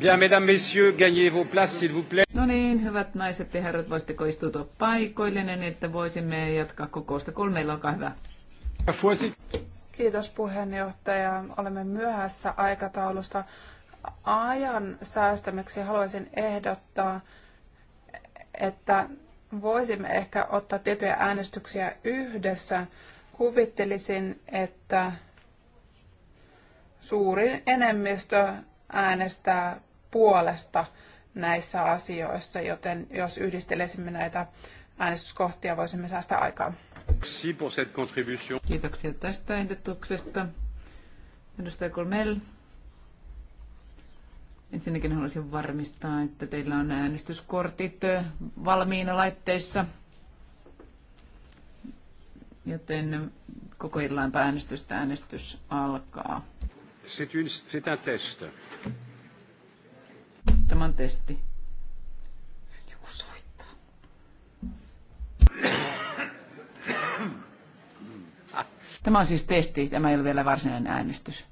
Bien, mesdames, messieurs, gagnez vos places, s'il vous plaît. No niin, hyvät naiset ja herrat, voisitteko istua paikoillenne, niin että voisimme jatkaa kokousta kolmeilla, olkaa hyvä. Kiitos puheenjohtaja. Olemme myöhässä aikataulusta. Ajan säästämiksi haluaisin ehdottaa, että voisimme ehkä ottaa tiettyjä äänestyksiä yhdessä. Kuvittelisin, että suurin enemmistö äänestää puolesta näissä asioissa, joten jos yhdistelisimme näitä äänestyskohtia, voisimme säästää aikaa. Kiitoksia tästä ehdotuksesta. Edustaja Kolmel. Ensinnäkin haluaisin varmistaa, että teillä on äänestyskortit valmiina laitteissa, joten koko illan äänestystä äänestys alkaa. C'est un test toimittaman testi. joku soittaa. Tämä on siis testi, tämä ei ole vielä varsinainen äänestys.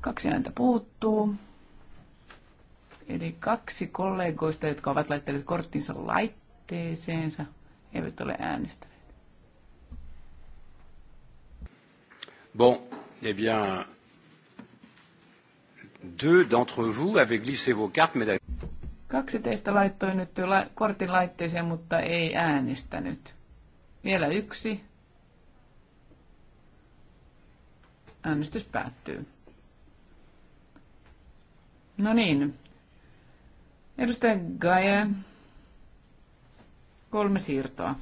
Kaksi ääntä puuttuu. Eli kaksi kollegoista, jotka ovat laittaneet korttinsa laitteeseensa, eivät ole äänestäneet. Bon, eh bien, Deux d'entre vous avez glissé vos cartes, mesdames. Kaksi teistä laittoi nyt jo la- kortin laitteeseen, mutta ei äänestänyt. Vielä yksi. Äänestys päättyy. No niin. Edustaja Gaia. Kolme siirtoa.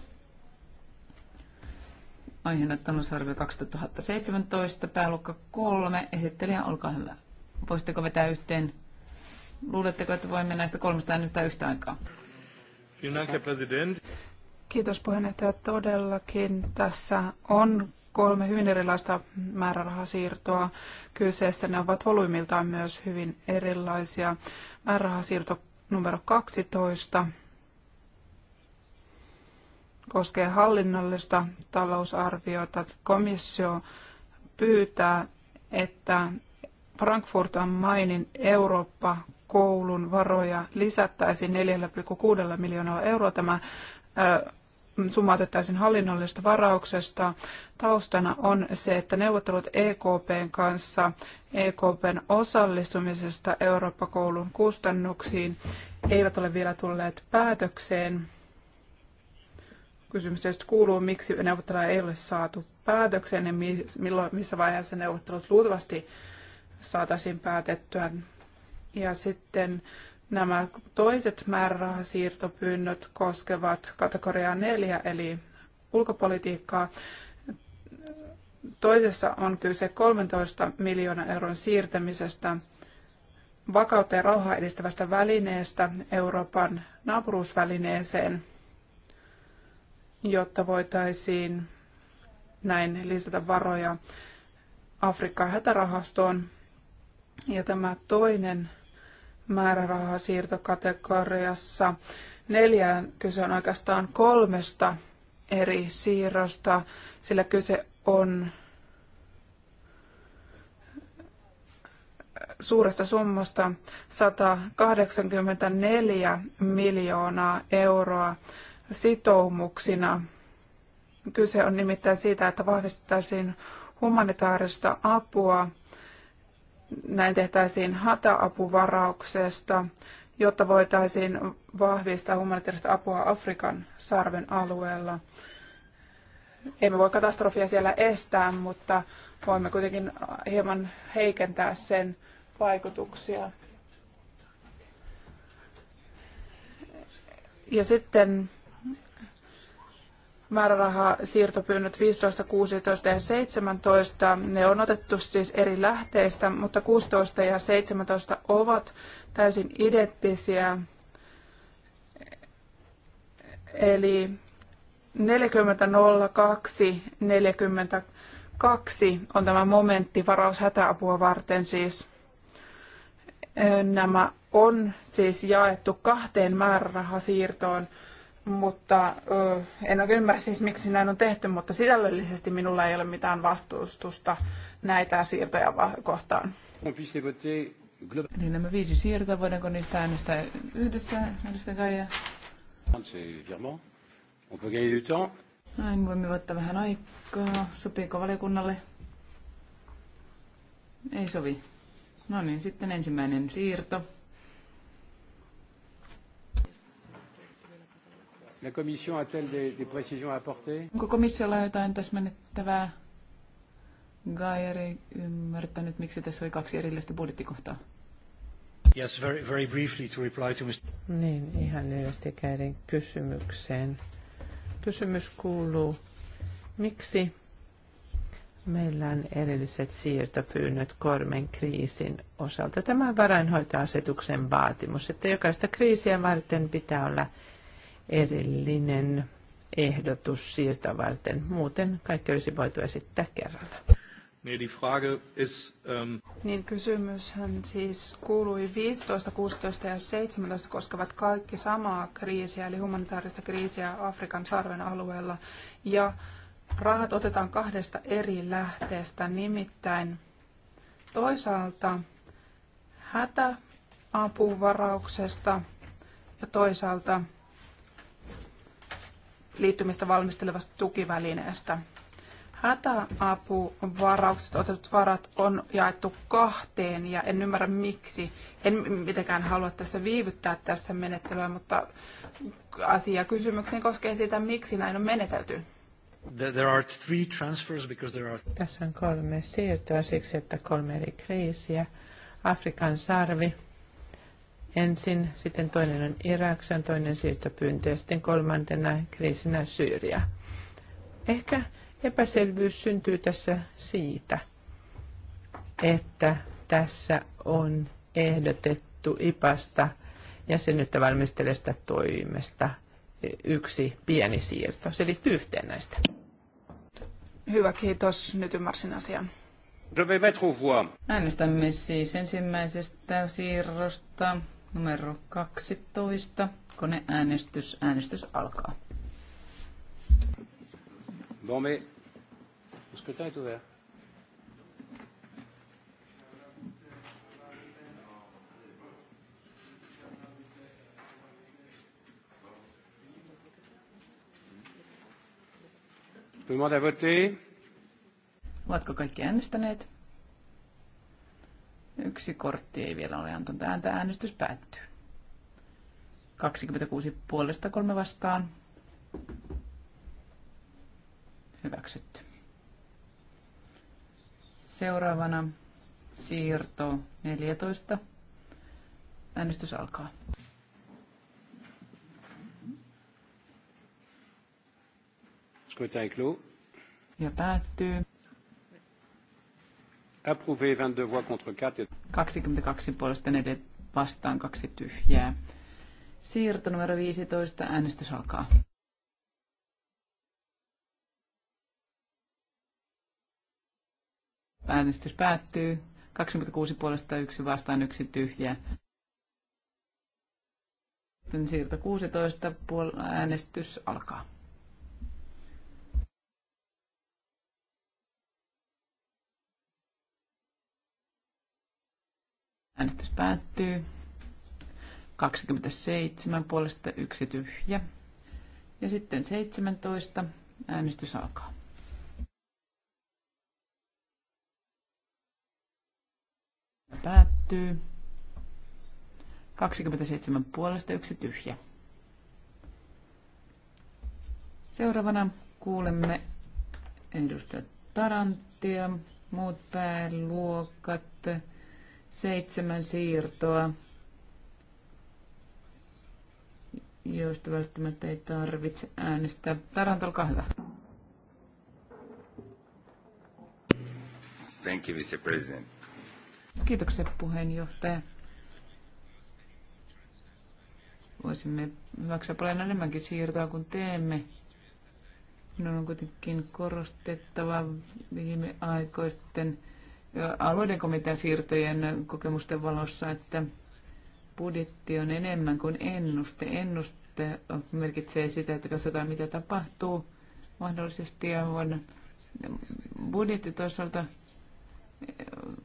Aiheena talousarvio 2017, pääluokka 3. Esittelijä, olkaa hyvä. Voisitteko vetää yhteen? Luuletteko, että voimme näistä kolmesta äänestää yhtä aikaa? Kiitos puheenjohtaja. Todellakin tässä on kolme hyvin erilaista määrärahasiirtoa kyseessä. Ne ovat volyymiltaan myös hyvin erilaisia. Määrärahasiirto numero 12 koskee hallinnollista talousarviota. Komissio pyytää, että Frankfurt am Mainin Eurooppa-koulun varoja lisättäisiin 4,6 miljoonalla euroa. Tämä summa otettaisiin hallinnollisesta varauksesta. Taustana on se, että neuvottelut EKPn kanssa EKPn osallistumisesta Eurooppa-koulun kustannuksiin eivät ole vielä tulleet päätökseen. Kysymys tietysti kuuluu, miksi neuvotteluja ei ole saatu päätökseen ja missä vaiheessa neuvottelut luultavasti saataisiin päätettyä. Ja sitten nämä toiset määrärahasiirtopyynnöt koskevat kategoriaa neljä, eli ulkopolitiikkaa. Toisessa on kyse 13 miljoonan euron siirtämisestä vakautta ja rauhaa edistävästä välineestä Euroopan naapuruusvälineeseen, jotta voitaisiin näin lisätä varoja Afrikka-hätärahastoon ja tämä toinen määrärahasiirtokategoriassa neljään kyse on oikeastaan kolmesta eri siirrosta, sillä kyse on suuresta summasta 184 miljoonaa euroa sitoumuksina. Kyse on nimittäin siitä, että vahvistettaisiin humanitaarista apua näin tehtäisiin hätäapuvarauksesta, jotta voitaisiin vahvistaa humanitaarista apua Afrikan sarven alueella. Emme voi katastrofia siellä estää, mutta voimme kuitenkin hieman heikentää sen vaikutuksia. Ja sitten siirtopyynnöt 15, 16 ja 17, ne on otettu siis eri lähteistä, mutta 16 ja 17 ovat täysin identtisiä. Eli 4002 on tämä momentti varaus hätäapua varten siis. Nämä on siis jaettu kahteen määrärahasiirtoon. siirtoon mutta en oikein ymmärrä siis miksi näin on tehty, mutta sisällöllisesti minulla ei ole mitään vastustusta näitä siirtoja kohtaan. Niin nämä viisi siirtoa, voidaanko niistä äänestää yhdessä, yhdessä Kaija? On peut gagner du temps. Näin voimme ottaa vähän aikaa. Sopiiko valiokunnalle? Ei sovi. No niin, sitten ensimmäinen siirto. La commission a-t-elle des, des précisions à apporter? Onko komissiolla jotain täsmennettävää? Gaier ei ymmärtänyt, miksi tässä oli kaksi erillistä budjettikohtaa. Yes, very, very briefly to reply to Mr. Niin, ihan lyhyesti Gairin kysymykseen. Kysymys kuuluu, miksi meillä on erilliset siirtopyynnöt kormen kriisin osalta? Tämä on varainhoitoasetuksen vaatimus, että jokaista kriisiä varten pitää olla erillinen ehdotus siirtä varten. Muuten kaikki olisi voitu esittää kerralla. Nee, die Frage ist, ähm niin kysymyshän siis kuului 15, 16 ja 17 koskevat kaikki samaa kriisiä, eli humanitaarista kriisiä Afrikan sarven alueella. Ja rahat otetaan kahdesta eri lähteestä, nimittäin toisaalta hätäapuvarauksesta ja toisaalta liittymistä valmistelevasta tukivälineestä. Hätäapuvaraukset otetut varat on jaettu kahteen ja en ymmärrä miksi. En mitenkään halua tässä viivyttää tässä menettelyä, mutta asia kysymykseni koskee sitä, miksi näin on menetelty. There are three transfers because there are... Tässä on kolme siirtoa siksi, että kolme eri kriisiä. Afrikan sarvi, ensin, sitten toinen on Iraksan, toinen siirtopyyntö ja sitten kolmantena kriisinä Syyriä. Ehkä epäselvyys syntyy tässä siitä, että tässä on ehdotettu IPasta jäsenyyttä valmistelesta toimesta yksi pieni siirto. Se liittyy yhteen näistä. Hyvä, kiitos. Nyt ymmärsin asian. Je vais mettre au voix. Äänestämme siis ensimmäisestä siirrosta Numero 12. Koneäänestys. Äänestys alkaa. Domi, mais le scrutin est ouvert. Demande à voter. Ovatko kaikki äänestäneet? Yksi kortti ei vielä ole antanut ääntä. Äänestys päättyy. 26 puolesta kolme vastaan. Hyväksytty. Seuraavana siirto 14. Äänestys alkaa. Ja päättyy. Approuvé 22 voix contre 4. 22 puolesta 4 vastaan kaksi tyhjää. Siirto numero 15. Äänestys alkaa. Äänestys päättyy. 26 puolesta yksi vastaan yksi tyhjä. Sitten siirto 16. Puol- äänestys alkaa. Äänestys päättyy. 27 puolesta yksi tyhjä. Ja sitten 17. Äänestys alkaa. Päättyy. 27 puolesta yksi tyhjä. Seuraavana kuulemme edustaja Tarantia, muut pääluokat seitsemän siirtoa, joista välttämättä ei tarvitse äänestää. Tarant, olkaa hyvä. Thank you, Mr. President. Kiitoksia puheenjohtaja. Voisimme hyväksyä paljon enemmänkin siirtoa kuin teemme. Minun on kuitenkin korostettava viime aikoisten alueiden komitean siirtojen kokemusten valossa, että budjetti on enemmän kuin ennuste. Ennuste merkitsee sitä, että katsotaan mitä tapahtuu mahdollisesti ja vuonna. Budjetti toisaalta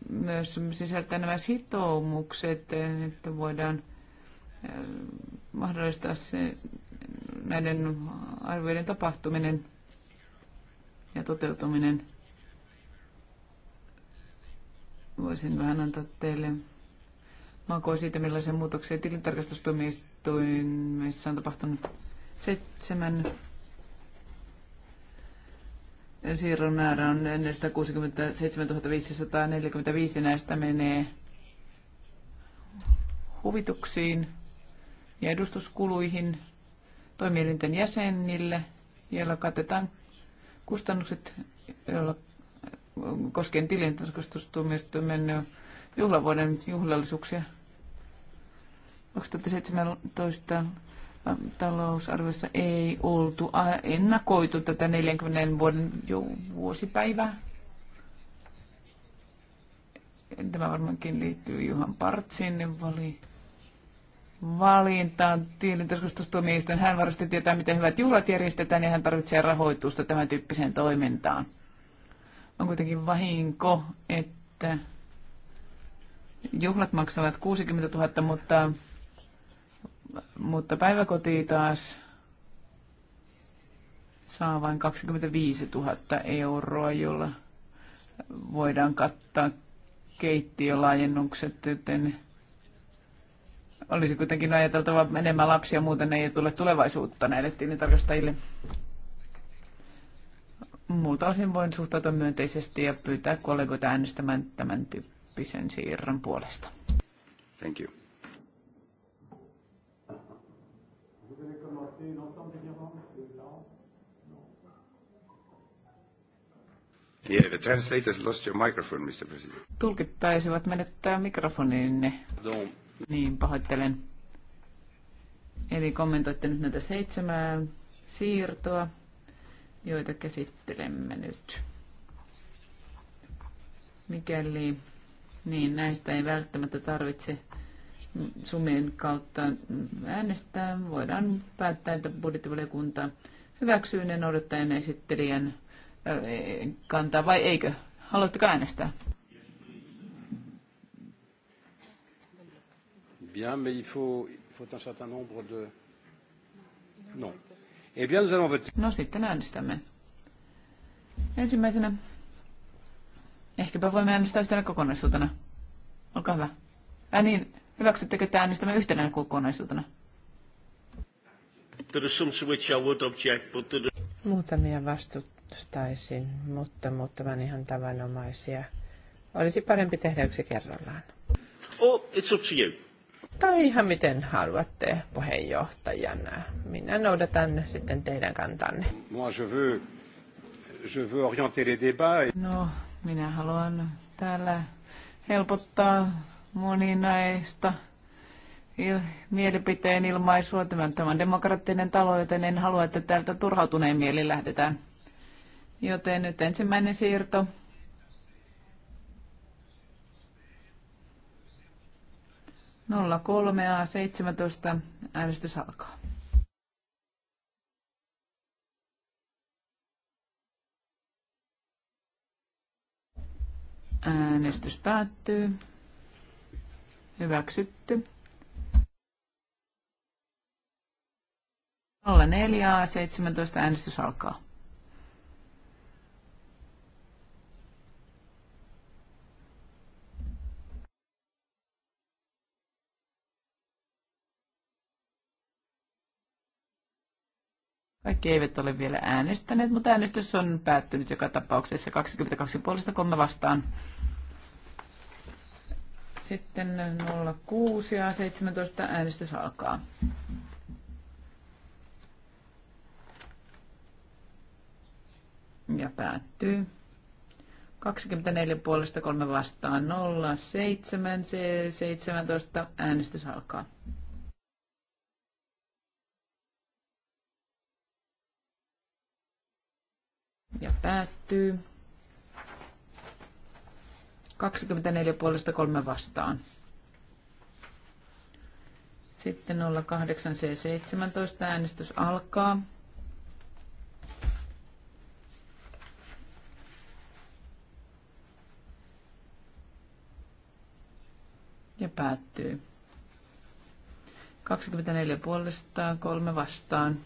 myös sisältää nämä sitoumukset, että voidaan mahdollistaa se, näiden arvioiden tapahtuminen ja toteutuminen. Voisin vähän antaa teille makua siitä, millaisia muutoksia tilintarkastustuomioistuimissa on tapahtunut seitsemän siirron määrä on 467 näistä menee huvituksiin ja edustuskuluihin toimielinten jäsenille, joilla katetaan kustannukset, joilla koskien tilintarkastustuomioistuimen juhlavuoden juhlallisuuksia. 2017 talousarviossa ei oltu ennakoitu tätä 40 vuoden vuosipäivää. Tämä varmaankin liittyy Juhan Partsin vali, valintaan tilintarkastustuomioistuin. Hän varmasti tietää, miten hyvät juhlat järjestetään ja hän tarvitsee rahoitusta tämän tyyppiseen toimintaan on kuitenkin vahinko, että juhlat maksavat 60 000, mutta, mutta päiväkoti taas saa vain 25 000 euroa, jolla voidaan kattaa keittiölaajennukset, joten olisi kuitenkin ajateltava enemmän lapsia, muuten ei tule tulevaisuutta näille tilintarkastajille muuta osin voin suhtautua myönteisesti ja pyytää kollegoita äänestämään tämän tyyppisen siirron puolesta. Thank you. Yeah, the translators lost your microphone, Mr. President. Tulkit taisivat menettää mikrofoninne. Niin, pahoittelen. Eli kommentoitte nyt näitä seitsemää siirtoa joita käsittelemme nyt. Mikäli niin näistä ei välttämättä tarvitse sumien kautta äänestää, voidaan päättää, että budjettivaliokunta hyväksyy ne noudattajan esittelijän äh, kantaa vai eikö? Haluatteko äänestää? Bien, mais il faut, il faut un certain nombre de... Non. Eh no sitten äänestämme. Ensimmäisenä. Ehkäpä voimme äänestää yhtenä kokonaisuutena. Olkaa hyvä. Ää niin, hyväksyttekö, että äänestämme yhtenä kokonaisuutena? Muutamia vastustaisin, mutta muuttavan ihan tavanomaisia. Olisi parempi tehdä yksi kerrallaan. Oh, it's up to you tai ihan miten haluatte puheenjohtajana. Minä noudatan sitten teidän kantanne. No, minä haluan täällä helpottaa moninaista il- mielipiteen ilmaisua. Tämä on demokraattinen talo, joten en halua, että täältä turhautuneen mieli lähdetään. Joten nyt ensimmäinen siirto. 03A17 äänestys alkaa. Äänestys päättyy. Hyväksytty. 04 17 äänestys alkaa. Kaikki eivät ole vielä äänestäneet, mutta äänestys on päättynyt joka tapauksessa 22 puolesta kolme vastaan. Sitten 06 ja 17 äänestys alkaa. Ja päättyy. 24 puolesta 3 vastaan 07, 17 äänestys alkaa. päättyy. 24 puolesta kolme vastaan. Sitten 08C17 äänestys alkaa. Ja päättyy. 24 puolesta kolme vastaan.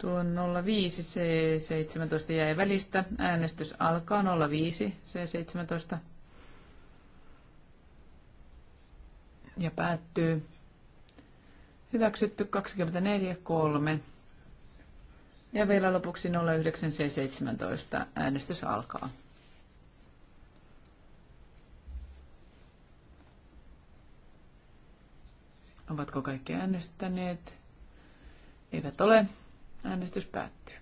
Tuo 05 C17 jäi välistä. Äänestys alkaa 05 C17. Ja päättyy. Hyväksytty 24 3. Ja vielä lopuksi 09 C17. Äänestys alkaa. Ovatko kaikki äänestäneet? Eivät ole. Äänestys päättyy.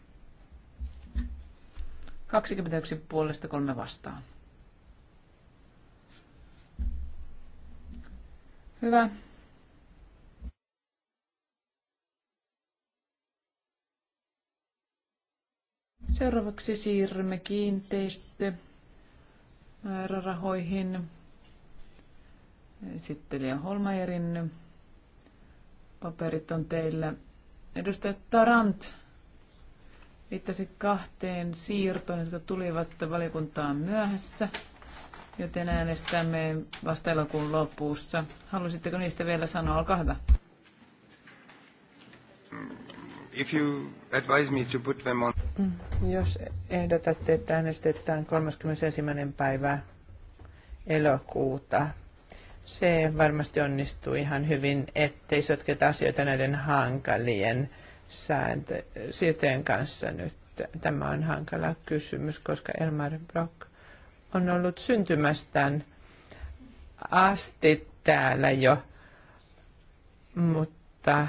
21 puolesta kolme vastaan. Hyvä. Seuraavaksi siirrymme sitten Esittelijä Holmajerin paperit on teillä. Edustaja Tarant viittasi kahteen siirtoon, jotka tulivat valiokuntaan myöhässä, joten äänestämme vasta elokuun lopussa. Haluaisitteko niistä vielä sanoa? Olkaa hyvä. Mm, if you advise me to put them on... Mm, jos ehdotatte, että äänestetään 31. päivää elokuuta se varmasti onnistuu ihan hyvin, ettei sotketa asioita näiden hankalien sääntöjen kanssa nyt. Tämä on hankala kysymys, koska Elmar Brock on ollut syntymästään asti täällä jo, mutta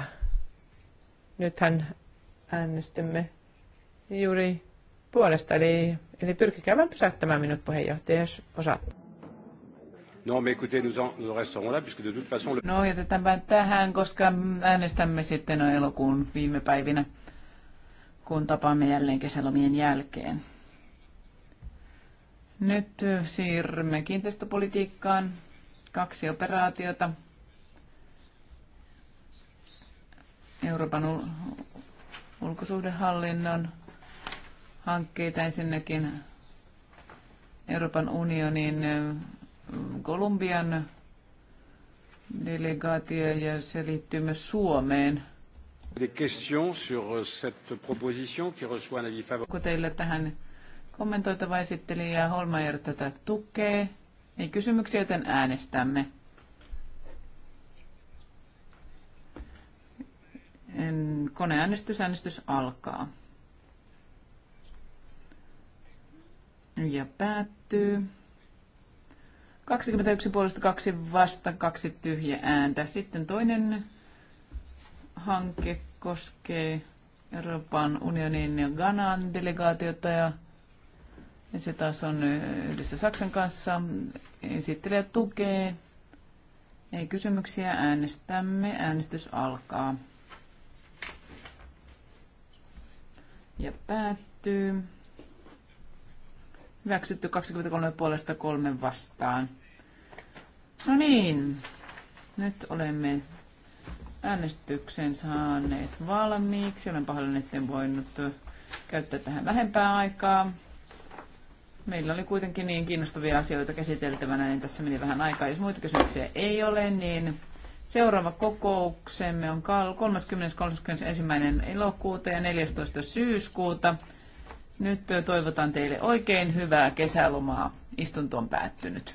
nythän äänestämme juuri puolesta, eli, eli pyrkikää vain pysäyttämään minut puheenjohtaja, jos osaatte. No, me écoutez, nous, en, nous resterons là, puisque de toute façon... Le... No, jätetäänpä tähän, koska äänestämme sitten no elokuun viime päivinä, kun tapaamme jälleen kesälomien jälkeen. Nyt siirrymme kiinteistöpolitiikkaan. Kaksi operaatiota. Euroopan ul- ulkosuhdehallinnon hankkeita ensinnäkin Euroopan unionin Kolumbian delegaatio ja se liittyy myös Suomeen. Des questions sur euh, cette proposition qui reçoit un avis favorable. Onko teillä tähän kommentoitava esittelijä Holmeier tätä tukee? Ei kysymyksiä, joten äänestämme. Koneäänestys, äänestys alkaa. Ja päättyy. 21 puolesta kaksi vasta, kaksi tyhjä ääntä. Sitten toinen hanke koskee Euroopan unionin ja Ghanan delegaatiota ja se taas on yhdessä Saksan kanssa. Esittelijä tukee. Ei kysymyksiä, äänestämme. Äänestys alkaa. Ja päättyy. Hyväksytty 23 puolesta kolme vastaan. No niin, nyt olemme äänestyksen saaneet valmiiksi. Olen pahoillani, en voinut käyttää tähän vähempää aikaa. Meillä oli kuitenkin niin kiinnostavia asioita käsiteltävänä, niin tässä meni vähän aikaa. Jos muita kysymyksiä ei ole, niin seuraava kokouksemme on 30.31. elokuuta ja 14. syyskuuta nyt toivotan teille oikein hyvää kesälomaa. Istunto on päättynyt.